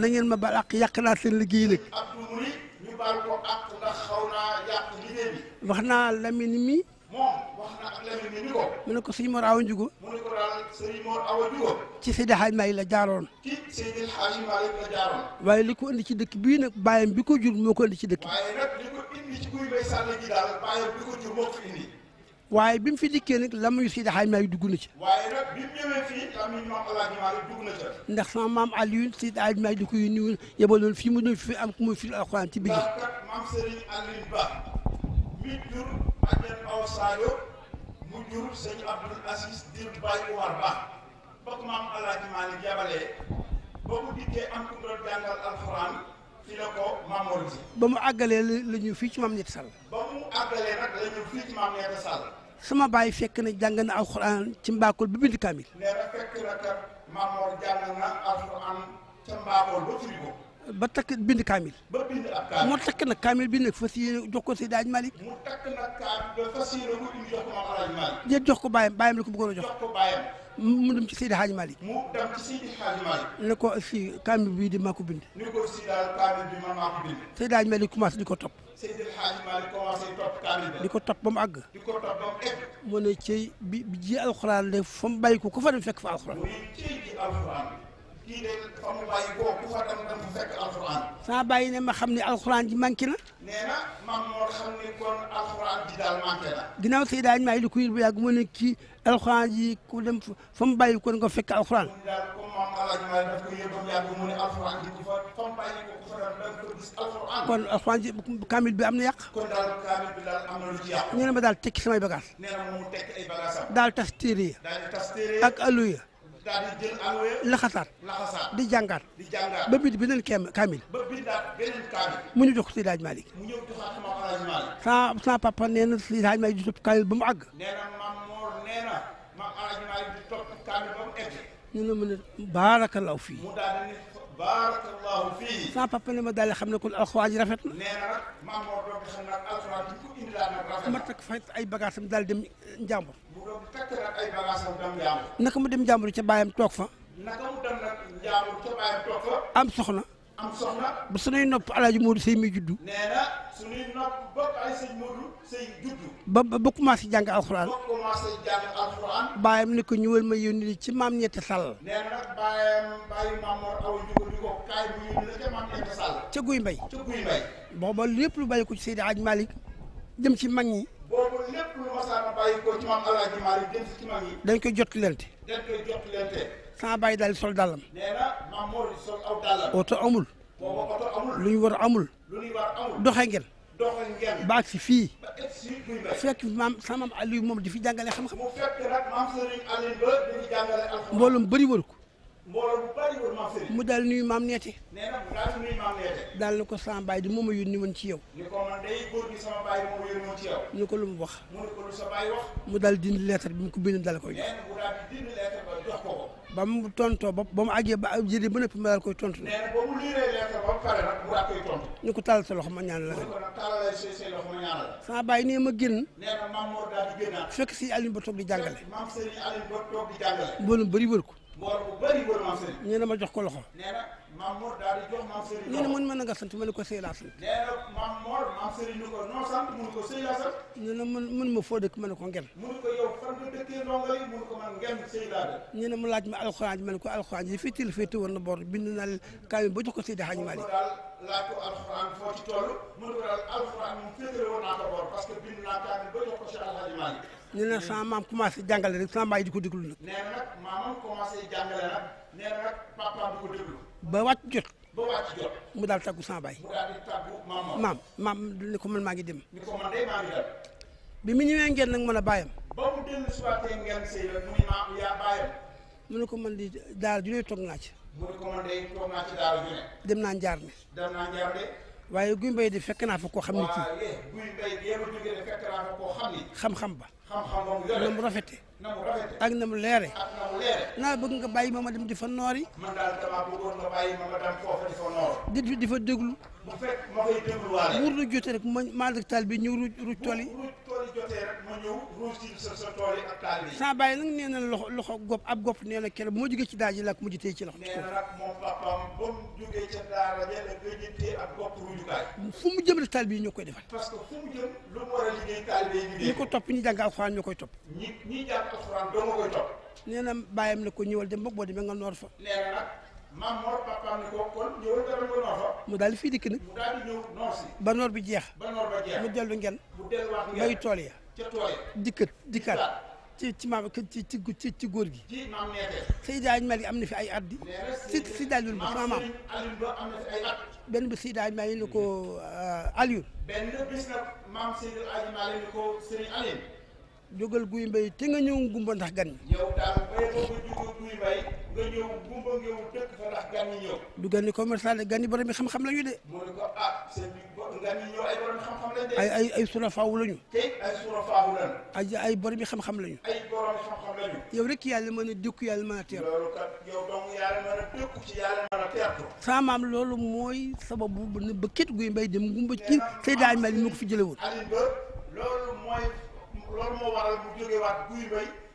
na ma baal ak yàq naa seen liggéey nag. ñu baal ko naa yàq liggéey bi. wax naa Lamine mi. moom ko. mu ne ci Seydi Hadj Malick la jaaroon. ci Seydi Hadj li ko indi ci dëkk bii nag bàyyam bi ko jur moo indi ci dëkk li ci kuy waaye bi mu fi likkee nag la muy Seydi Hadji Malick dugg na ci. waaye nag bi mu ñëwee fii la muy maam El Hadj dugg na ci. ndax sama maam Alioune Seydi Hadji Malick di ko yónni woon yebaloon fii mu doon fi am ku fi firi alxuraan ci biir. ndax kat Ba mi jur Adel Awa Sadio mu jur sëñ Abdoul Aziz dir Baye bokk maam El Hadj Malick yabalee ba mu dikkee am ku doon jàngal alxuraan fi la ko fii ci maam Nit Sall. àggalee sama baay fekk na jàng alxuraan ci ba bind kaamil. nee na fekk na kat maam Mor na alxuraan ca bind kaamil. ba bind ab moo takk nag kaamil jox ko ba fas yéene ko indi jox ko maam Alaaji Malick. jox ko bàyyam bàyyam mu dem ci Seydi Hadji Malick. ko si kaamil bii di maa ko bind. ni ko si di ko topp. Seydi Hadji ko topp ba mu àgg. di ko ne cey bi alxuraan de fa mu ko ku fa fekk fa alxuraan. kii de fa mu bàyyi koo ku fa alxuraan. ne ma xam ne alxuraan ji manqué na. nee na xam ne kon alxuraan ji daal manqué na. ginnaaw say daañu maa ngi di kuy bu yàgg mu alxuraan ji ku dem fa mu bàyyi ko nga ko yóbbu alxuraan kon alxuraan ji kaamil bi am na yàq. ma daal tekki samay bagage. nee na ak alu daal di jël alwe laxasaat laxasaat di jàngaat di jàngaat ba bind beneen keem kaamil ba bindaat beneen kaamil mu ñu jox ko Seydi Hadj Malick mu ñëw joxaat sama Hadj Malick sa sa papa nee na Seydi Hadj Malick di topp kaamil ba mu àgg nee na maam Moor nee na maam Hadj Malick di topp kaamil ba mu egg ñu ne mu ne baarakallahu fii mu daal di ne baarakallahu fii sa papa ne ma daal xam ne kon alxuraan ji rafet na nee na nag maam Moor doon xam nag alxuraan ji ko indi daal nag rafet na ma takk fay ay bagaasam daal dem njàmbur fekk nag dem njaambur. mu dem ca baayam toog fa. naka mu dem nag am soxna. am soxna. bu nopp alaaji Modou Seye mi juddu. juddu. ba ba commencé jàng alxuraan. baayam ne ñëwal ma yónni ci maam ñetti sàll. nee guy mbay. ca guy mbay. booba lépp lu bàyyi ko ci Seydi Aj Malick jëm ci mag ñi. lépp koy jot lente. dañ bàyyi daal sol dàllam. nee na maam di sol aw amul. lu ñu war amul. amul. doxe ngeen. doxe si fii. ba egg si muy fekk sama maam Aliou moom di fi jàngale xam-xam. mu fekk nag ko. mu daal nuyu maam neete daal na ko sama baay di moom a yónni woon ci yow ñu ko lu mu wax mu daal dindi leetar bi mu ko bind dala koy tontoo ba ba àggee ba jëlee ba noppi ma daal tontu na ko tàllal sa loxo ma ñaan la sama baay nee ma génn fekk si Alioune ba toog di jàngale mboolum bëri wër ko mboor bu bëri wër maam Serigne. nee ma jox ko loxo. nee na maam Mor jox maam Serigne. nee na sant ma ne ko Sey laa sant. nee na maam Mor maam ko noo sant mu ne ma foo dëkk ma ne ko ngel. mu ko yow fan nga dëkkee ndongo yi ko man ngel Sey laa def. nee na mu laaj ma alxuraan ma ne ko alxuraan yi fii teel war na boor bind naa ba jox ko Seydi Hadji Malick. ñu ne sama maam commencé jàngale rek sama baay di ko déglu nag. nee na nag maamam jàngale nag. nee na papa di ko déglu. ba wàcc jot. mu daal tàggu sama baay. mu maam maam ni ko man maa ngi dem. ni ko de maa ngi dem. bi mu ñëwee ngeen nag mën a bàyyam. ne ko man di daal ju ne naa ci. dem naa njaar ne. dem naa njaar ne. waaye guy mbay di fekk naa fa ko xam ne kii guy mbay di fekk naa fa koo xam ni. xam-xam ba. na mu rafete ak na mu leere naa bëgg nga bàyyi ma ma da di fa noori man daal dama di fa noor di di fa déglu ma fay dégluwaale wuur lu ma maa bi ñëw ruuj ruuj heure jotee sa sa nag nee na loxo loxo gopp ab gopp nee na keroog moo jógee ci daal ji la ak mujj tey ci loxo. nee na nag bi ñoo koy defal. parce que fu ko topp ñi jàng alxuraan ñoo na ko ñëwal dem ba boo demee nga noor fa. mu daal fi fii dikk nag. ba noor bi jeex. ba noor mu dellu ngeen. bay tool ya. ca tool ya dikkat dikkaat. ci ci maam ci ci góor gi. ci am na fi ay at di. si si Aliou am na fi ay at. benn bi Seydi Aj Malik ni ko euh, Aliou. benn guy mbay te nga ñëw ngumba ndax gan. yow nga ñëw gumba ñëw dëkk fa ndax gan yi ñëw. du gan yi commerçant de ah, gan ay borom xam ay ay xam-xam lañu. yow rek yàlla mën a dëkku yàlla mën a teer. loolu kat yow dong yàlla a dëkku ci yàlla mën mooy sababu ba képp guy mbay dem gumba ci Seydina Aliou Malick mi ko fi jëlee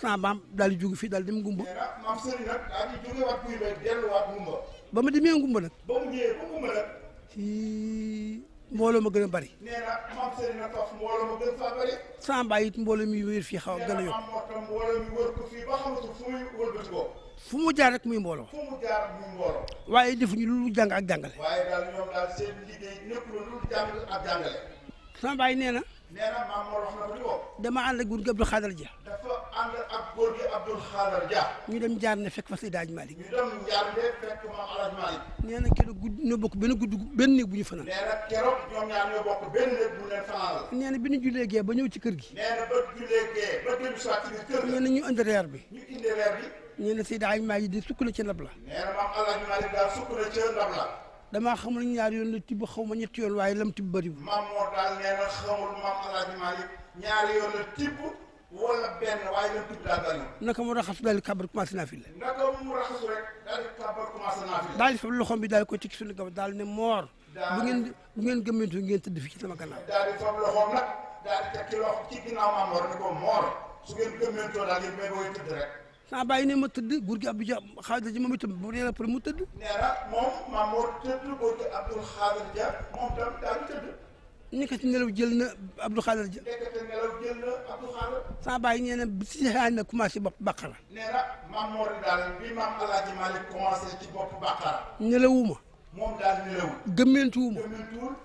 sama maam daal di jóge fii daal dem Ngumba. ba ma demee Ngumba nag. ba mu Ngumba nag. ci mbooloo ma gën a bari. nee na maam Sëriñ mbooloo ma gën mi fii xaw a gën a yokku. fu mu jaar rek muy mbooloo. fu mu jaar lu jàng ak jàngale. waaye daal ñoom daal seen liggéey nee na. nee na maam moo wax na ko. dama ànd ak am ak góor gi ñu dem jaar ne fekk fa Seydi Hadji Malick. ñu gudd na bokk benn néeg bu ñu leen fanaanal. bi ñu jullee gee ba ñëw ci kër gi. nee bi. bi. nee na Seydi Hadji Malick di sukk na na daal sukk na ca ndab la. damaa xamul ñaar yoon la tibb xaw ma ñetti yoon waaye lam tibb bëriwul. maam moo daal nee xamul Maam Alaaji Malick ñaari yoon la tibb wala benn waaye leen tudd daal dañoo. naka mu raxasu daal di kàbbar naa fi la. naka mu raxasu rek daal di kàbbar commencé fab loxoom bi daal ko ci suñu gab daal ne moor. bu ngeen bu ngeen gëmmantu tëdd fi ci sama gannaaw. daal di fab loxoom nag daal di teg ci loxo ci moor ne ko moor su ngeen gëmmantoo daal yéen booy tëdd rek. sama bàyyi ne ma tëdd góor gi Abdou Dia Xaadir ji moom itam bu dee la pour mu tëdd. nee na moom maam moor tëdd góor gi Abdou Xaadir moom tam tëdd nekk ci nelaw jël na Abdou Khader jël. nekk ci nelaw jël na Abdou Khader. sama baay nee na nelawuma. gëmmentuwuma.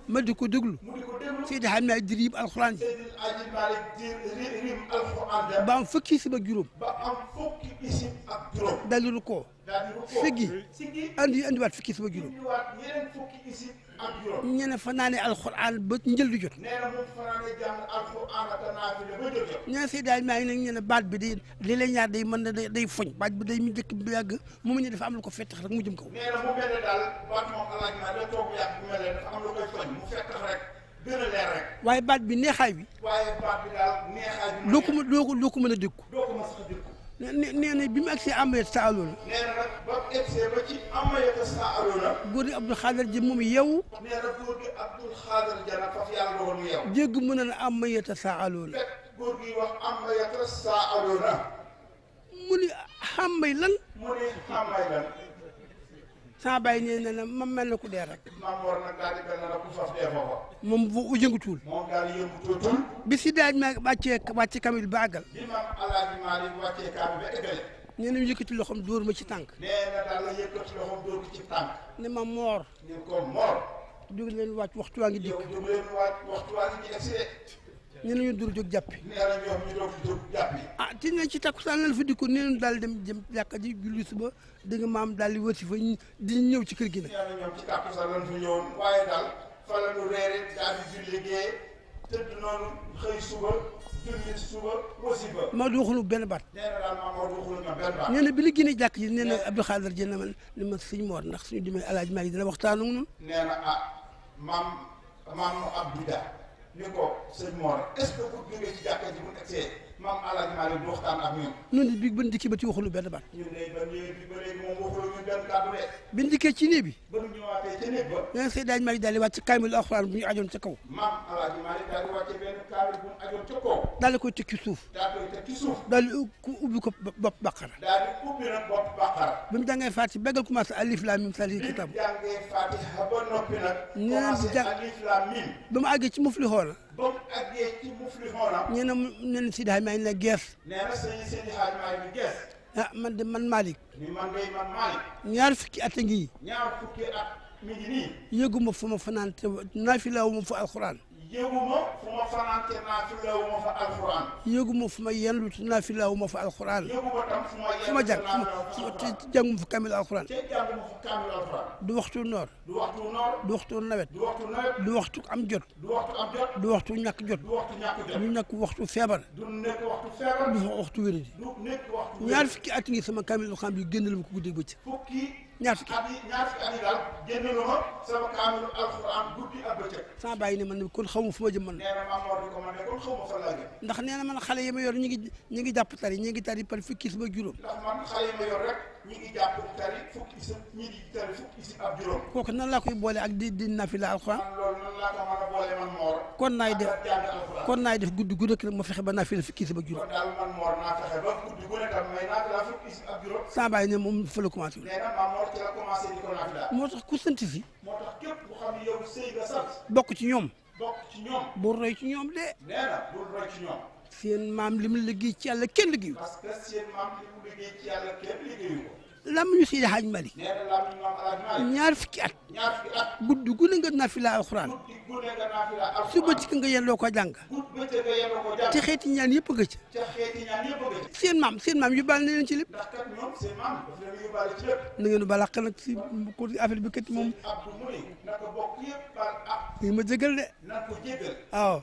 ma di ko déglu. mu di ko déglu Seydi Hadj di riib alxuraan ji. Seydi Hadj Malick di riib ba am fukki isib ak juróom. ba ko. feggi andi andi waat fukki sama juróom ñu ne fanaane alxuraan ba njël di jot ñu ne Seydi Hadj maa ngi nag ñu ne baat bi day li lay ñaar day mën na day foñ baat bi day mu njëkk bi yàgg mu mu ñu dafa am lu ko fettax rek mu jëm kaw waaye baat bi neexaay bi loo ko loo ko loo ko mën a dégg nee bi mu agsee amee sa aloona. nee na nag ba mu agsee ba ci amee sa ji yow. nee na góor gi Abdou Khader ja nag faf mu yow. jégg mën na ne amee sa aloona. fekk mu ni xàmmay lan. mu ni xàmmay lan. sama bàyyi nee na la mel na ku dee rek. maam war nag daal di mel na ku fas dee foofa. moom bu yëngutul. moom daal yëngutul. bi si ma wàccee wàcce kamil ba bi maam Alaaji Maalik wàccee kamil ba eggale. nee na mu yëkkati loxoom dóor ma ci tànk. nee ci tànk. ne ma moor. ne ko moor. jóg leen waxtu waa ngi dikk ñu ne ñu dur jóg jàppi nee na ci ne ci takkusaan lañ fa dikku nee nañu daal dem jëm jàkka ji julli suba dégg maam daal di wërsi fa di ñëw ci kër gi nag nee na benn baat nee na daal maam maa du waxulu benn baat nee bi li génne jàkk ji nee na Abdou Khadir jënd ma sëñ Mor ndax suñu demee Alaaji Maalik dina waxtaanu noonu nee ah maam maam Abdou Daa ni ko sëñ Mor est-ce que bu jógee ci jàkka ji bu egsee maam Alaaji Maalik du waxtaan ak ñun. ñun de bi ban dikkee ba ci waxulu benn baat. ñun de ba léegi bi ba léegi moom waxulu ñun benn kàddu de. bi dikkee ci néeg bi. ba ñu ñëwaatee ca néeg ba. nee na Seydi Alaaji Maalik daal di wàcc kaamilu alxuraan bu ñu ajoon ca kaw. maam Alaaji Maalik daal di wàcce koy daal di koy teg ci suuf. daal di koy teg ci suuf. daal di ubbi ko bopp baqara. daal di ubbi nag bopp baqara. bi mu jàngee Faatiha bégal commencé alif laam miim saalika ba mu àggee ci mufli xool. ba mu àggee ci mufli gees. nee na sëñ Sidi Hadj maa gees. ah man de man Malick. ñaar fukki at ngi. ñaar fukki at mi nii. yëgu ma fu ma fanaan te naafilaawu ma fa alxuraan yëguma fu ma fanaante naafila wu ma fa alquran yëguma fu ma yendu ci naafila wu ma fa alquran yëguma tam fu ma fu ma jàng fu ma jànguma fa kamil alquran te jànguma fa kamil alquran du waxtu noor du waxtu noor du waxtu nawet du waxtu nawet du waxtu am jot du waxtu am jot du waxtu ñàkk jot du waxtu ñàkk jot du nekk waxtu feebar du nekk waxtu feebar du waxtu wéradi du nekk waxtu ñaar fukki at ngi sama kamil alquran bi génnal ma ko guddi bëccëg fukki ñaar fukki at yi ñaar fukki at yi daal génne lu ma guddi ak bëccëg sama bàyyi ne man ne ma fu ma jëm man nee na maam war ma na xale yi ma yor ñu ngi ñu ngi jàpp tari ñu ngi tari par fukki suba juróom ndax man xale ma yor rek ñi ngi jàpp tari fukki isib ñi ngi tari kooku nan laa koy boole ak di di nafila alxuraan. nan laa ko mën a man moor. kon naay def kon naay def guddi gu nekk ma fexe ba nafila fukki isib ba guddi gu nekk saa bàyyi ne moom fa la moo tax ku si. moo tax képp ku xam ne yow sëy nga bokk ci ñoom. bokk ci ñoom. de. nee na ci ñoom. seen maam lim mu liggéey ci yàlla kenn liggéeyu. parce que seen maam li mu liggéey ci at guddi gu nga nafila alxuraan suba ci nga yelloo ko jàng te xeeti ñaan yëpp nga ci seen maam seen maam yóbbaale na leen ci lépp na ngeen balaq nag si bi kat moom ngi ma jégal de waaw